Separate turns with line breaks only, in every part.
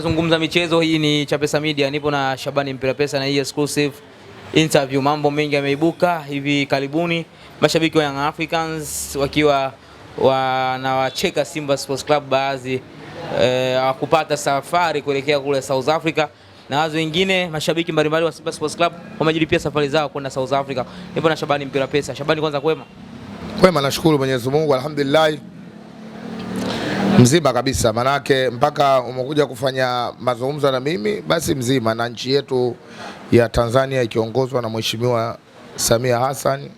tutazungumza michezo, hii ni Chapesa Media, nipo na Shabani Mpira Pesa na hii exclusive interview. Mambo mengi yameibuka hivi karibuni, mashabiki wa Young Africans wakiwa wanawacheka Simba Sports Club, baadhi eh, hawakupata eh, safari kuelekea kule South Africa na wazo wengine mashabiki mbalimbali wa Simba Sports Club wamejilipia safari zao kwenda South Africa. Nipo na Shabani Mpira Pesa. Shabani, kwanza kwema?
Kwema, nashukuru Mwenyezi Mungu, alhamdulillah mzima kabisa, manake mpaka umekuja kufanya mazungumzo na mimi, basi mzima na nchi yetu ya Tanzania ikiongozwa na Mheshimiwa Samia Hassan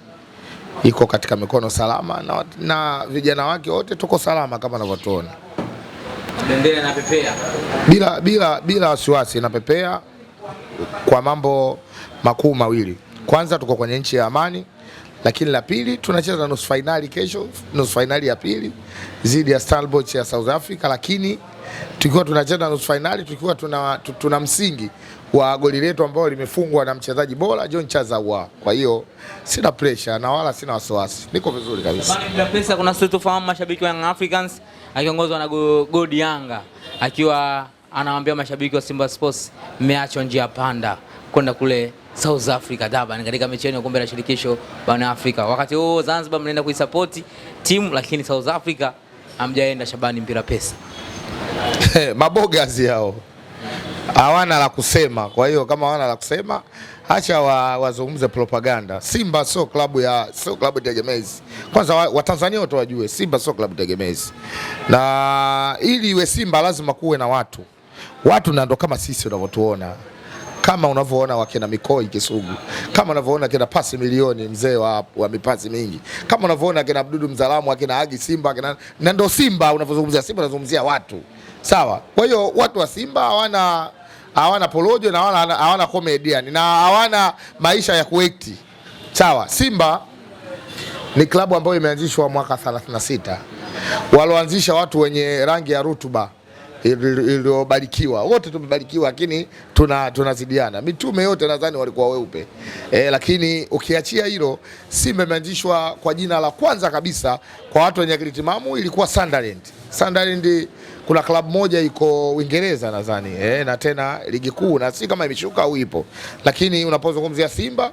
iko katika mikono salama na, na vijana wake wote tuko salama kama unavyotuona.
Bendera inapepea
bila, bila, bila wasiwasi, inapepea kwa mambo makuu mawili. Kwanza tuko kwenye nchi ya amani, lakini la pili tunacheza na nusu fainali kesho, nusu fainali ya pili dhidi ya Starboys ya South Africa, lakini tukiwa tunacheza nusu fainali tukiwa tuna, tuna msingi wa goli letu ambao limefungwa na mchezaji bora John Chazawa. Kwa hiyo sina pressure na wala sina wasiwasi, niko vizuri kabisa.
Bila kuna sisi tufahamu mashabiki wa Young Africans akiongozwa na Godi Yanga akiwa anawaambia mashabiki wa Simba Sports, mmeachwa njia panda kwenda kule South Africa Durban katika mechi yenu ya kombe la shirikisho barani Afrika. Wakati huo Zanzibar mnaenda kuisapoti timu lakini South Africa hamjaenda Shabani mpira pesa.
Mabogazi hao. Hawana la kusema. Kwa hiyo kama hawana la kusema, acha wazungumze propaganda. Simba sio klabu ya sio klabu tegemezi. Kwanza Watanzania wa wote wajue Simba sio klabu tegemezi. Na ili iwe Simba lazima kuwe na watu. Watu ndio kama sisi unavyotuona kama unavyoona wakina Mikoi Kisugu, kama unavyoona kina pasi milioni mzee wa, wa mipasi mingi, kama unavyoona kina Abdudu Mzalamu, akina Agi Simba kina, na ndo Simba unavyozungumzia Simba unazungumzia watu sawa. Kwa hiyo watu wa Simba hawana hawana polojo na hawana hawana comedian na hawana maisha ya kuekti sawa. Simba ni klabu ambayo imeanzishwa mwaka 36 waloanzisha watu wenye rangi ya rutuba iliyobarikiwa. ili, ili Wote tumebarikiwa, lakini tuna tunazidiana. Mitume yote nadhani walikuwa weupe e, lakini ukiachia hilo, Simba imeanzishwa kwa jina la kwanza kabisa kwa watu wenye akili timamu ilikuwa Sunderland. Sunderland kuna klabu moja iko Uingereza nadhani e, na tena ligi kuu na si kama imeshuka au ipo, lakini unapozungumzia Simba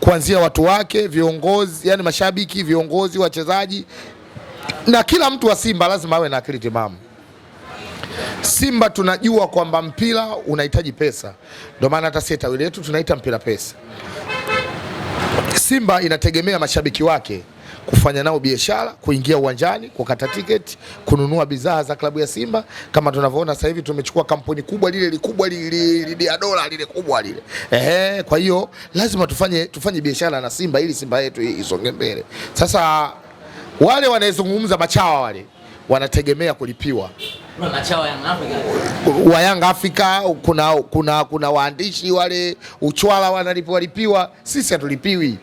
kuanzia watu wake, viongozi, yani mashabiki, viongozi, wachezaji na kila mtu wa Simba lazima awe na akili timamu. Simba tunajua kwamba mpira unahitaji pesa, ndio maana hata sisi tawi letu tunaita mpira pesa. Simba inategemea mashabiki wake kufanya nao biashara, kuingia uwanjani, kukata tiketi, kununua bidhaa za klabu ya Simba. Kama tunavyoona sasa hivi tumechukua kampuni kubwa lile likubwa lile ya dola lile kubwa lile ehe. Kwa hiyo lazima tufanye, tufanye biashara na Simba ili Simba yetu isonge mbele. Sasa wale wanaezungumza machawa wale wanategemea kulipiwa
wa
Young Africa kuna, kuna, kuna waandishi wale uchwala wanalipiwa walipiwa, sisi hatulipiwi.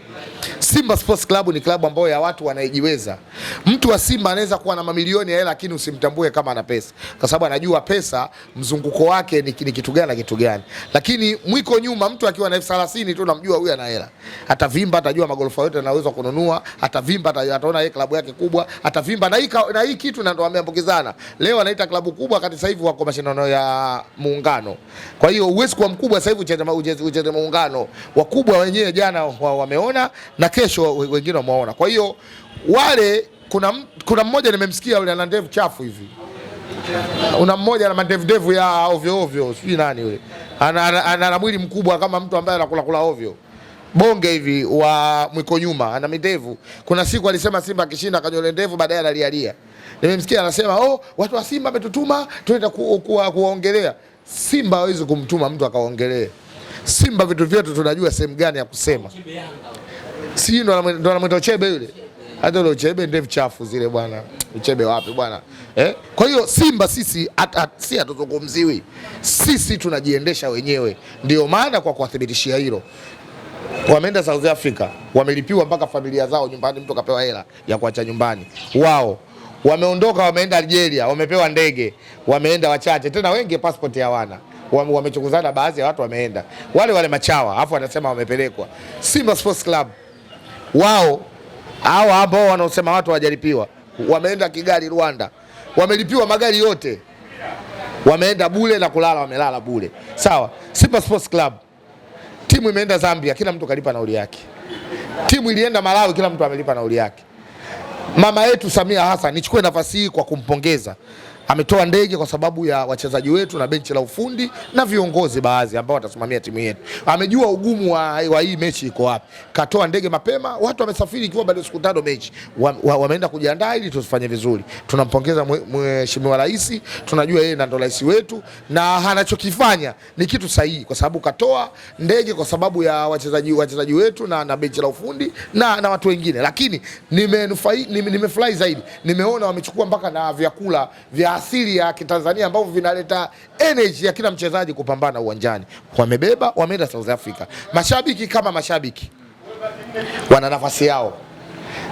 Simba Sports Club ni klabu ambayo ya watu wanaijiweza. Mtu wa Simba anaweza kuwa na mamilioni ya hela, lakini usimtambue kama ana pesa, kwa sababu anajua pesa mzunguko wake ni, ni kitu gani na kitu gani. Lakini mwiko nyuma, mtu akiwa na elfu thelathini tu namjua huyu ana hela, atavimba, atajua magorofa yote anaweza kununua, atavimba, ataona yeye klabu yake kubwa, atavimba na hii na hii kitu na ndo ameambukizana. Leo anaita klabu klabu kubwa kati sasa hivi wako mashindano ya muungano. Kwa hiyo uwezo kwa mkubwa sasa hivi ucheze muungano. Wakubwa wenyewe jana wameona na kesho wengine wameona. Kwa hiyo wale kuna, kuna mmoja nimemsikia yule ana ndevu chafu hivi una mmoja ana na devu ya ovyo ovyo, sijui nani yule, ana ana mwili mkubwa kama mtu ambaye anakula kula ovyo bonge hivi wa mwiko nyuma, ana midevu. Kuna siku alisema Simba akishinda akanyole ndevu, baadaye analialia. Nimemsikia eh, anasema oh, watu wa Simba ametutuma tuenda kuwaongelea ku, Simba hawezi kumtuma mtu akaongelee. Simba vitu vyetu tunajua sehemu gani ya kusema. Si ndo anamwita Uchebe yule? Hata yule Uchebe ndevu chafu zile bwana. Uchebe wapi bwana? Eh? Kwa hiyo Simba sisi at, at, si hatuzungumziwi. Sisi tunajiendesha wenyewe. Ndio maana kwa kuwathibitishia hilo. Wameenda South Africa, wamelipiwa mpaka familia zao nyumbani, mtu kapewa hela ya kuacha nyumbani. Wao wameondoka wameenda Algeria, wamepewa ndege, wameenda wachache, tena wengi passport hawana, wamechukuzana, baadhi ya watu wameenda wale wale machawa, afu wanasema wamepelekwa Simba Sports Club. Wao hao ambao wanaosema watu hawajalipiwa wameenda Kigali, Rwanda, wamelipiwa magari yote, wameenda bule na kulala, wamelala bule. Sawa, Simba Sports Club timu imeenda Zambia, kila mtu kalipa nauli yake. Timu ilienda Malawi, kila mtu amelipa nauli yake mama yetu Samia Hassan. Nichukue nafasi hii kwa kumpongeza ametoa ndege kwa sababu ya wachezaji wetu na benchi la ufundi na viongozi baadhi ambao watasimamia timu yetu. Amejua ugumu wa, wa hii mechi iko wapi, katoa ndege mapema. Watu wamesafiri ikiwa bado siku tano mechi, wameenda wa, wa kujiandaa ili tusifanye vizuri. Tunampongeza mheshimiwa rais, tunajua yeye ndo rais wetu na anachokifanya ni kitu sahihi, kwa sababu katoa ndege kwa sababu ya wachezaji wachezaji wetu na, na benchi la ufundi na, na watu wengine, lakini nimefurahi nime zaidi, nimeona wamechukua mpaka na vyakula vya asili ya Kitanzania ambavyo vinaleta energy ya kila mchezaji kupambana uwanjani. Wamebeba, wameenda South Africa. Mashabiki kama mashabiki wana nafasi yao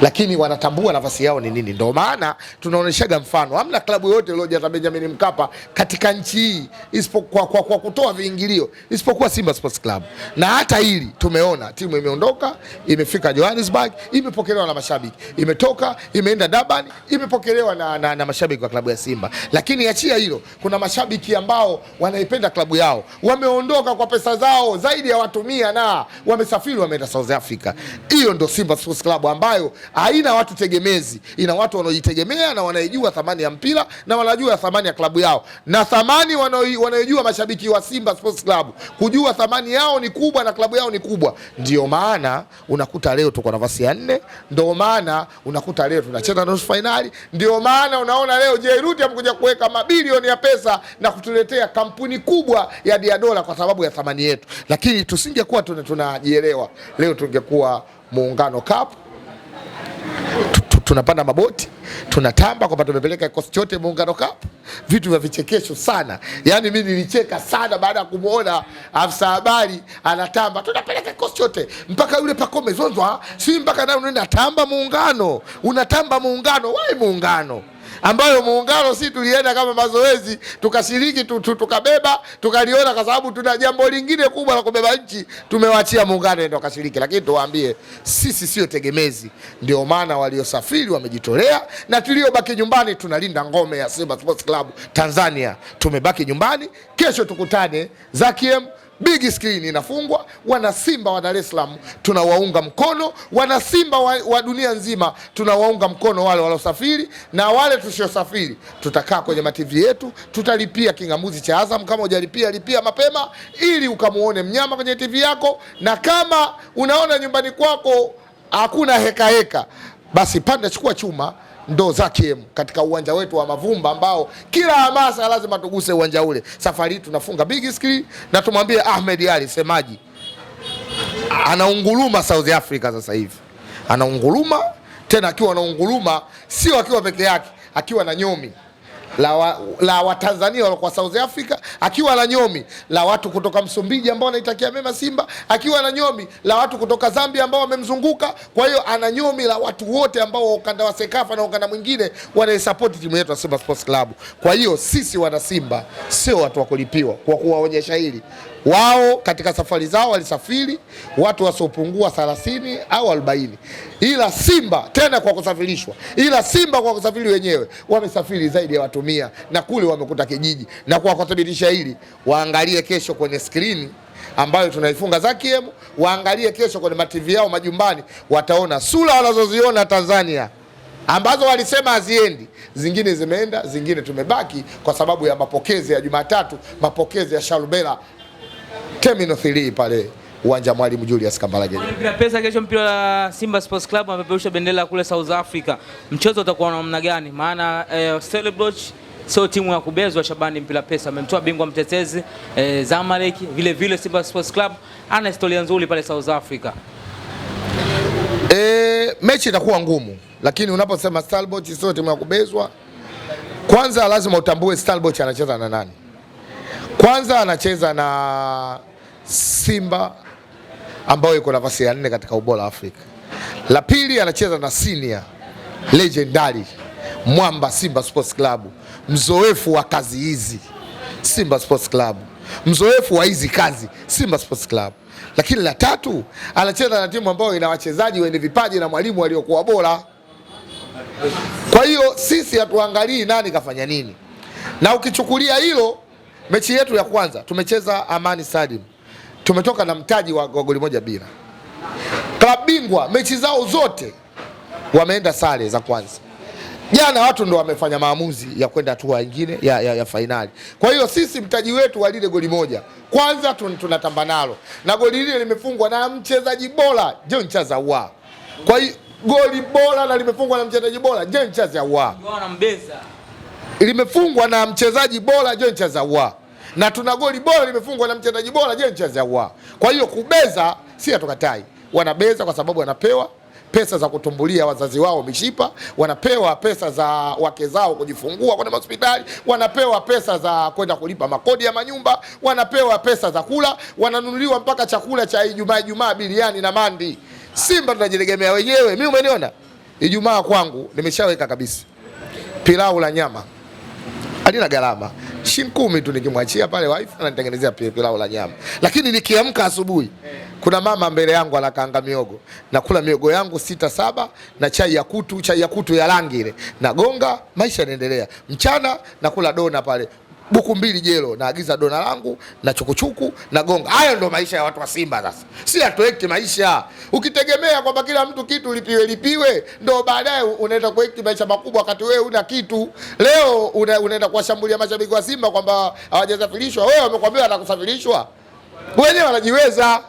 lakini wanatambua nafasi yao ni nini. Ndio maana tunaonyeshaga mfano, hamna klabu yoyote iliyojaza Benjamin Mkapa katika nchi hii isipokuwa kwa, kwa kutoa viingilio isipokuwa Simba Sports Club, na hata hili tumeona timu imeondoka imefika Johannesburg, imepokelewa na mashabiki, imetoka imeenda Durban, imepokelewa na, na, na mashabiki wa klabu ya Simba. Lakini achia hilo, kuna mashabiki ambao wanaipenda klabu yao wameondoka kwa pesa zao zaidi ya watu mia na wamesafiri wameenda South Africa. Hiyo ndio Simba Sports Club ambayo haina watu tegemezi, ina watu wanaojitegemea na wanaijua thamani ya mpira na wanajua thamani ya klabu yao na thamani wanaojua mashabiki wa Simba Sports Club kujua thamani yao ni kubwa na klabu yao ni kubwa. Ndio maana unakuta leo tuko nafasi ya nne, ndio maana unakuta leo tunacheza nusu fainali, ndio maana unaona leo Jairuti amekuja kuweka mabilioni ya pesa na kutuletea kampuni kubwa ya Diadora kwa sababu ya thamani yetu, lakini tusingekuwa tunajielewa tuna leo tungekuwa Muungano Cup tunapanda maboti tunatamba kwamba tumepeleka kikosi chote muungano cup, vitu vya vichekesho sana. Yani mimi nilicheka sana baada ya kumwona afisa habari anatamba, tunapeleka kikosi chote mpaka yule Pacome Zozwa, si mpaka naye tamba muungano, unatamba muungano, wai muungano ambayo muungano si tulienda kama mazoezi tukashiriki tukabeba tukaliona, kwa sababu tuna jambo lingine kubwa la kubeba nchi, tumewachia muungano ndio kashiriki. Lakini tuwaambie sisi sio tegemezi, ndio maana waliosafiri wamejitolea na tuliobaki nyumbani tunalinda ngome ya Simba Sports Club Tanzania. Tumebaki nyumbani, kesho tukutane Zakiem big screen inafungwa. Wana Simba wa Dar es Salaam tunawaunga mkono, wana Simba wa, wa dunia nzima tunawaunga mkono, wale waliosafiri na wale tusiosafiri. Tutakaa kwenye mativi yetu, tutalipia kingamuzi cha Azam. Kama hujalipia lipia mapema, ili ukamuone mnyama kwenye tv yako, na kama unaona nyumbani kwako hakuna heka heka, basi panda, chukua chuma ndo ZAKM katika uwanja wetu wa Mavumba ambao kila hamasa lazima tuguse uwanja ule. Safari hii tunafunga big screen na tumwambie Ahmed ali semaji anaunguruma South Africa sasa hivi, anaunguruma tena, akiwa anaunguruma sio akiwa peke yake, akiwa na nyomi la Watanzania walokuwa South Africa, akiwa na nyomi la watu kutoka Msumbiji ambao wanaitakia mema Simba, akiwa na nyomi la watu kutoka Zambia ambao wamemzunguka. Kwa hiyo ana nyomi la watu wote ambao wa ukanda wa Sekafa na ukanda mwingine wanaisapoti timu yetu ya Simba Sports Club. Kwa hiyo sisi wana Simba sio watu wa kulipiwa, kwa kuwaonyesha hili wao katika safari zao walisafiri watu wasiopungua 30 au 40, ila Simba tena kwa kusafirishwa, ila Simba kwa kusafiri wenyewe wamesafiri zaidi ya watu mia, na kule wamekuta kijiji. Na kwa kuthibitisha hili, waangalie kesho kwenye skrini ambayo tunaifunga Zakiem, waangalie kesho kwenye mativi yao majumbani, wataona sura wanazoziona Tanzania ambazo walisema haziendi, zingine zimeenda, zingine tumebaki kwa sababu ya mapokezi ya Jumatatu, mapokezi ya Shalubela. Terminal 3 pale uwanja Mwalimu Julius Kambarage.
Bila pesa kesho mpira la Simba Sports Club amepeperusha bendera kule South Africa. Mchezo utakuwa namna gani? Maana eh, Stellenbosch sio timu ya kubezwa. Shabani mpira pesa amemtoa bingwa mtetezi eh, Zamalek, vile vile Simba Sports Club ana historia nzuri pale South Africa.
Eh, mechi itakuwa ngumu, lakini unaposema Stellenbosch sio timu ya kubezwa, kwanza lazima utambue Stellenbosch anacheza na nani. Kwanza anacheza na Simba ambayo iko nafasi ya nne katika ubora Afrika. La pili anacheza na senior legendary mwamba Simba Sports Club, mzoefu wa kazi hizi Simba Sports Club, mzoefu wa hizi kazi Simba Sports Club. Lakini la tatu anacheza na timu ambayo ina wachezaji wenye vipaji na mwalimu aliyokuwa bora. Kwa hiyo sisi hatuangalii nani kafanya nini, na ukichukulia hilo mechi yetu ya kwanza tumecheza Amani Stadium, tumetoka na mtaji wa, goli moja bila. Klabu bingwa mechi zao zote wameenda sare za kwanza. Jana watu ndo wamefanya maamuzi ya kwenda hatua nyingine ya, ya, ya fainali. Kwa hiyo sisi mtaji wetu wa lile goli moja kwanza tun, tunatamba nalo, na goli lile limefungwa na mchezaji bora John Chaza wa. Kwa hiyo goli bora na limefungwa na mchezaji bora John Chaza wa, limefungwa na mchezaji bora John Chaza wa na tuna goli bora limefungwa na mchezaji bora mchezaji wa. Kwa hiyo kubeza, si hatukatai, wanabeza kwa sababu wanapewa pesa za kutumbulia wazazi wao mishipa, wanapewa pesa za wake zao kujifungua kwenda hospitali, wanapewa pesa za kwenda kulipa makodi ya manyumba, wanapewa pesa za kula, wananunuliwa mpaka chakula cha Ijumaa Ijumaa, biliani na mandi. Simba tunajitegemea wenyewe. Mimi umeniona Ijumaa kwangu nimeshaweka kabisa pilau la nyama alina gharama shin kumi tu, nikimwachia pale wife ananitengenezea pilipili au la nyama. Lakini nikiamka asubuhi, kuna mama mbele yangu anakaanga miogo, nakula miogo yangu sita saba na chai ya kutu, chai ya kutu ya rangi ile, nagonga, maisha yanaendelea. Mchana nakula dona pale buku mbili jelo, naagiza dona langu na chukuchuku na gonga. Hayo ndo maisha ya watu wa Simba. Sasa si atoekti maisha ukitegemea kwamba kila mtu kitu lipiwe lipiwe, ndo baadaye unaenda kuekti maisha makubwa, wakati wewe una kitu. Leo unaenda kuwashambulia mashabiki wa Simba kwamba hawajasafirishwa, wewe wamekwambia atakusafirishwa, wenyewe wanajiweza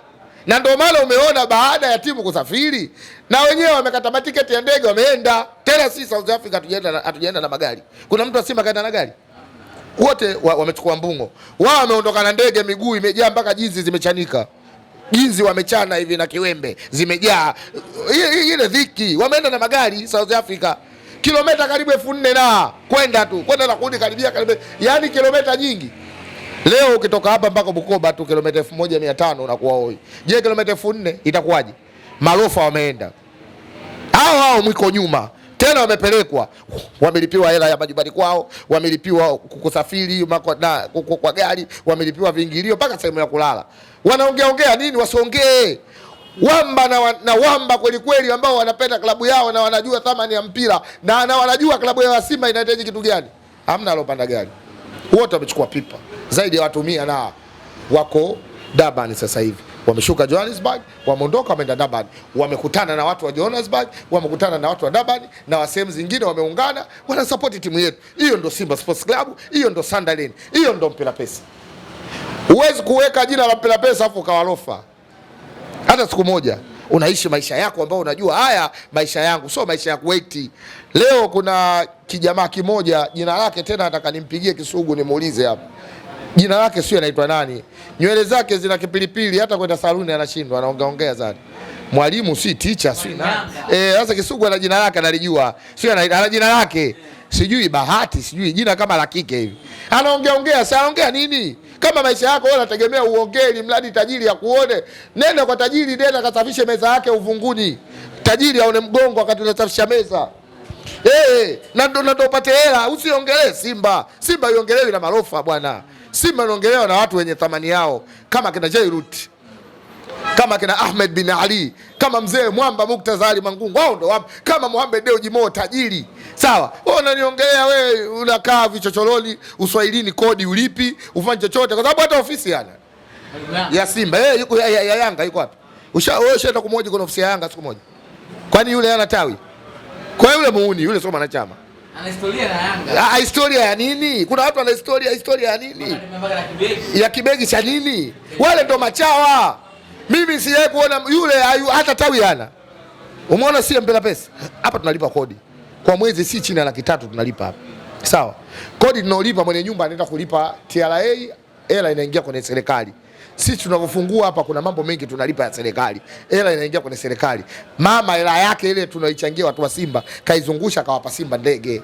na ndio maana umeona baada ya timu kusafiri na wenyewe wamekata matiketi ya ndege wameenda. Tena si South Africa hatujaenda na magari. Kuna mtu wa Simba kaenda na gari? wote wamechukua wa mbungo wao, wameondoka na ndege, miguu imejaa mpaka jinzi zimechanika, jinzi wamechana hivi na kiwembe zimejaa. Ile dhiki, wameenda na magari South Africa kilomita karibu elfu nne na kwenda tu kwenda na kurudi karibia karibia, yani kilomita nyingi. Leo ukitoka hapa mpaka Bukoba tu kilomita elfu moja mia tano unakuwa hoi. Je, kilomita elfu nne itakuwaje? Marofa wameenda hao hao, mwiko nyuma tena wamepelekwa, wamelipiwa hela ya majumbani kwao, wamelipiwa kusafiri na kwa gari, wamelipiwa viingilio mpaka sehemu ya kulala. Wanaongea ongea nini? Wasiongee wamba na, na wamba kweli kweli, ambao wanapenda klabu yao na wanajua thamani ya mpira na, na wanajua klabu ya Simba inahitaji kitu gani. Hamna alopanda gari, wote wamechukua pipa zaidi ya watu mia na wako Durban sasa hivi wameshuka Johannesburg, wameondoka wameenda Durban, wamekutana na watu wa Johannesburg, wamekutana na watu wa Durban na wa sehemu zingine, wameungana wanasapoti timu yetu. Hiyo ndo Simba Sports Club, hiyo ndo Sunderland, hiyo ndo mpira pesa. Huwezi kuweka jina la mpira pesa afu ukawalofa hata siku moja. Unaishi maisha yako ambayo unajua haya maisha yangu sio maisha ya kuweti. Leo kuna kijamaa kimoja jina lake tena, nataka nimpigie kisugu nimuulize hapa jina lake sio, anaitwa nani, nywele zake zina kipilipili, hata kwenda saluni anashindwa, anaongeaongea zani Mwalimu si teacher si na eh? Sasa Kisugu ana jina lake analijua, sio? Ana jina lake, sijui Bahati, sijui jina kama la kike hivi, anaongea ongea, Sasa anaongea nini? Kama maisha yako wewe unategemea uongee mradi tajiri ya kuone, nenda kwa tajiri, nenda kasafishe meza yake uvunguni, tajiri aone mgongo wakati unasafisha meza. Eh, eh na ndo upate hela, usiongelee Simba. Simba iongelewi na marofa bwana. Simba inaongelewa na watu wenye thamani yao kama kina Jairut, kama kina Ahmed bin Ali, kama mzee Mwamba Muktaza Ali Mangungu, wao ndo wapo, kama Mohamed Deo Jimo tajiri. Sawa, wewe unaniongelea wewe, unakaa vichochololi uswahilini, kodi ulipi, ufanye chochote, kwa sababu hata ofisi yana ya Simba eh, yuko ya, ya, ya Yanga yuko wapi? Usha wewe ushaenda kumhoji kwa ofisi ya Yanga siku moja, kwani yule ana tawi? Kwa yule muuni yule sio mwanachama
ana historia na Yanga.
Ah, ah, historia ya nini? Kuna watu wana historia, historia ya nini? Ya kibegi cha nini? Wale ndo machawa. Mimi sijawahi kuona yule ayu, hata tawi hana. Umeona si mpela pesa hapa, tunalipa kodi kwa mwezi si chini ya laki tatu tunalipa hapa, sawa. Kodi tunalipa mwenye nyumba anaenda kulipa TRA, hela inaingia kwenye serikali. Sisi tunavyofungua hapa, kuna mambo mengi tunalipa ya serikali, hela inaingia kwenye serikali. Mama hela yake ile tunaichangia watu wa Simba kaizungusha, kawapa Simba ndege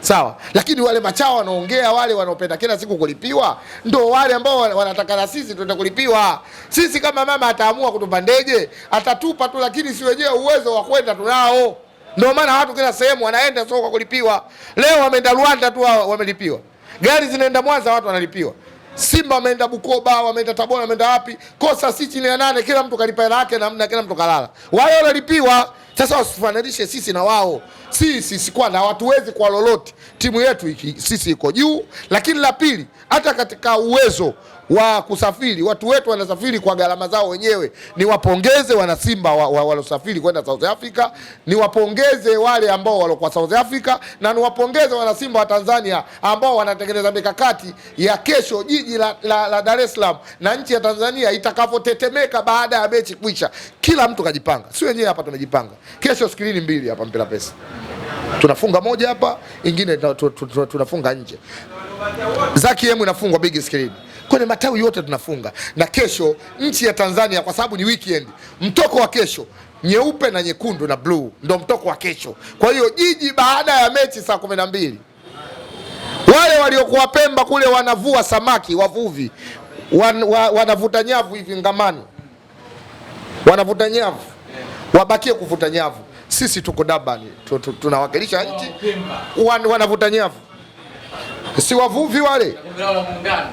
Sawa, lakini wale machao wanaongea, wale wanaopenda kila siku kulipiwa, ndo wale ambao wanataka na sisi tuende kulipiwa. Sisi kama mama ataamua kutupa ndege, atatupa tu, lakini si wenyewe uwezo wa kwenda tunao. Ndio maana watu kila sehemu wanaenda sio kwa kulipiwa. Leo wameenda Rwanda tu, wamelipiwa. Gari zinaenda Mwanza, watu wanalipiwa. Simba wameenda Bukoba, wameenda Tabora, wameenda wapi? Kosa si chini ya nane, kila mtu kalipa hela yake, namna kila mtu kalala. Wao wanalipiwa, sasa wasifananishe sisi na wao sisi sikwana hawatuwezi kwa lolote. Timu yetu sisi iko juu, lakini la pili, hata katika uwezo wa kusafiri watu wetu wanasafiri kwa gharama zao wenyewe. Niwapongeze wanasimba walosafiri wa, wa kwenda South Africa, niwapongeze wale ambao walokuwa South Africa na niwapongeze wanasimba wa Tanzania ambao wanatengeneza mikakati ya kesho jiji la, la, la Dar es Salaam na nchi ya Tanzania itakavyotetemeka baada ya mechi kuisha. Kila mtu kajipanga, si wenyewe hapa tumejipanga. Kesho skrini mbili hapa Mpira Pesa tunafunga moja hapa, ingine tunafunga nje. Zaki Yemu inafungwa big screen kwenye matawi yote tunafunga, na kesho nchi ya Tanzania, kwa sababu ni weekend, mtoko wa kesho nyeupe na nyekundu na bluu ndo mtoko wa kesho. Kwa hiyo jiji baada ya mechi saa kumi na mbili wale waliokuwa Pemba kule wanavua samaki, wavuvi wan, wa, wanavuta nyavu hivi ngamani, wanavuta nyavu, wabakie kuvuta nyavu sisi tuko dabani, tunawakilisha nchi, wanavuta nyavu, si wavuvi wale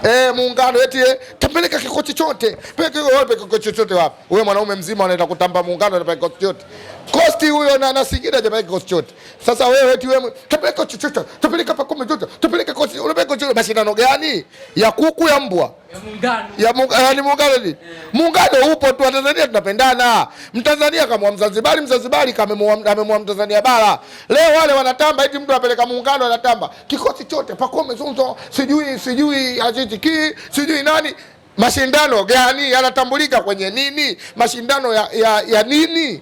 eh, muungano eti eh, tapeleka kikochi chote, peke kikochi chote wapi? Wewe mwanaume mzima unaenda kutamba muungano, unapeleka kikochi chote Kosti huyo na nasingira jamaa yake kosti chote. Sasa wewe eti wewe tupeleke chochote, tupeleke pa kumi chochote, tupeleke kosti, unapeleka chochote mashindano gani? Ya kuku ya mbwa? Ya muungano. Ya muungano ni eh. muungano upo tu Tanzania tunapendana. Mtanzania kama Mzanzibari, Mzanzibari kama amemwa Mtanzania bara. Leo wale wanatamba eti mtu apeleka muungano anatamba. Kikosi chote pa kumi zunzo sijui sijui ajitiki, sijui nani. Mashindano gani yanatambulika kwenye nini? Mashindano ya, ya, ya nini?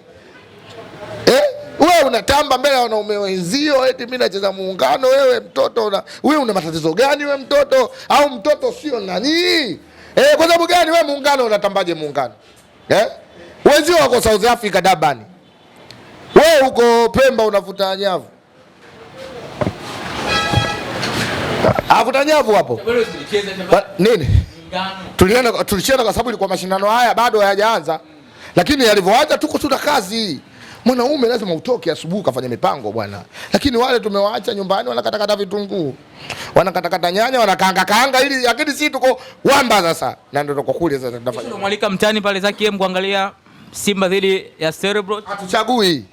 Wewe unatamba mbele ya wanaume wenzio, eti mimi nacheza muungano. Wewe mtoto una, wewe una matatizo gani? Wewe mtoto au mtoto sio nani? Eh, kwa sababu gani wewe muungano unatambaje muungano? Eh? Wenzio wako South Africa Durban. Wewe uko Pemba unavuta nyavu. Avuta nyavu hapo. Nini? Tulienda tulicheza kwa sababu ilikuwa mashindano haya bado hayajaanza. Mm. Lakini yalivyoanza tuko tuna kazi. hii Mwanaume lazima utoke asubuhi ukafanya mipango bwana, lakini wale tumewaacha nyumbani wanakatakata vitunguu, wanakatakata nyanya, wanakaanga kaanga ili lakini sisi tuko wamba sasa, na ndio tuko kule sasa tunafanya.
Tunamwalika mtani pale zake yeye kuangalia Simba dhidi ya Cerebro,
Hatuchagui.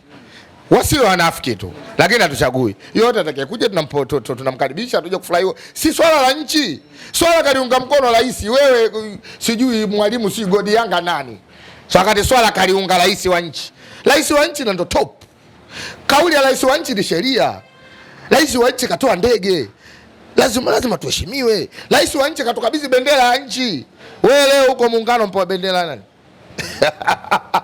Wasio wanafiki tu. Lakini hatuchagui. Yote atakayekuja tunampoto tunamkaribisha tuje kufurahi. Si swala la nchi. Swala kaliunga mkono rais, wewe sijui mwalimu si godi Yanga nani. So, wakati swala kaliunga rais wa nchi Rais wa nchi na ndo top. Kauli ya rais wa nchi ni sheria. Rais wa nchi katoa ndege, lazima lazima tuheshimiwe. Rais wa nchi katukabidhi bendera ya nchi. Wewe leo uko muungano mpo bendera nani?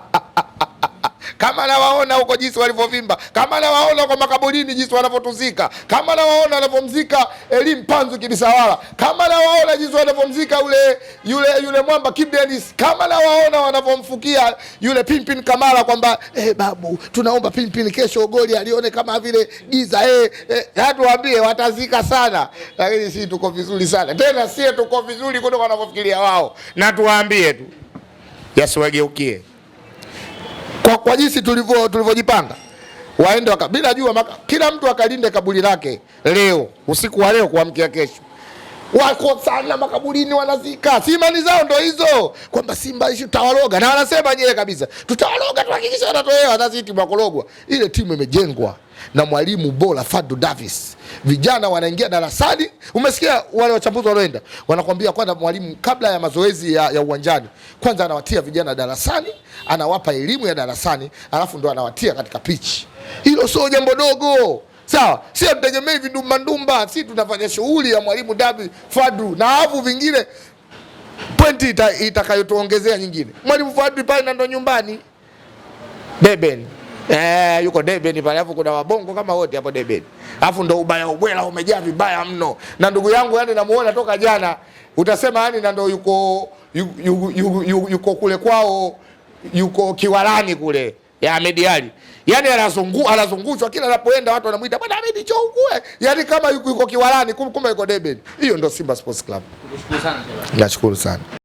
nawaona huko jinsi walivyovimba, kama nawaona kwa makaburini jinsi wanavyotuzika, kama nawaona wanavyomzika Eli Mpanzu Kibisawala, kama nawaona jinsi wanavyomzika yule yule yule mwamba Kip Dennis, kama nawaona wanavyomfukia yule Pimpin Kamara kwamba eh, babu tunaomba Pimpin kesho goli alione kama vile giza eh, eh, hatu waambie watazika sana, lakini sisi tuko vizuri sana tena, sie tuko vizuri kuliko wanavyofikiria wao, na tuwaambie tu yasiwageukie kwa, kwa jinsi tulivyo tulivyojipanga waende waka, bila jua maka, kila mtu akalinde kaburi lake leo usiku wa leo kuamkia kesho. Wako sana makaburini wanazika, si imani zao ndo hizo kwamba Simba ishi tutawaloga, na wanasema nyewe kabisa, tutawaloga, tuhakikisha wanatolewa. Sasa hii timu ya kulogwa, ile timu imejengwa na mwalimu bora Fadu Davis vijana wanaingia darasani. Umesikia wale wachambuzi walioenda wanakwambia, kwanza mwalimu kabla ya mazoezi ya, ya uwanjani, kwanza anawatia vijana darasani, anawapa elimu ya darasani, alafu ndo anawatia katika pichi. Hilo sio jambo dogo. Sawa, si hatutegemei vindumba ndumba, si tunafanya shughuli ya mwalimu Dabi Fadru na avu vingine, pointi itakayotuongezea ita nyingine. Mwalimu Fadru pale na ndo nyumbani Beben. Eh, yuko Deben pale alafu kuna wabongo kama wote hapo Deben. Alafu ndo ubaya ubwela umejaa vibaya mno. Na ndugu yangu yani namuona toka jana utasema yani na ndo yuko yuko, yuko, yuko, yuko kule kwao yuko Kiwalani kule ya mediali Ali. Yaani anazungu anazungushwa kila anapoenda watu wanamuita bwana Ahmed chongue. Yaani kama yuko, yuko Kiwalani kumbe yuko Deben. Hiyo ndo Simba Sports Club.
Nashukuru sana.
Nashukuru sana.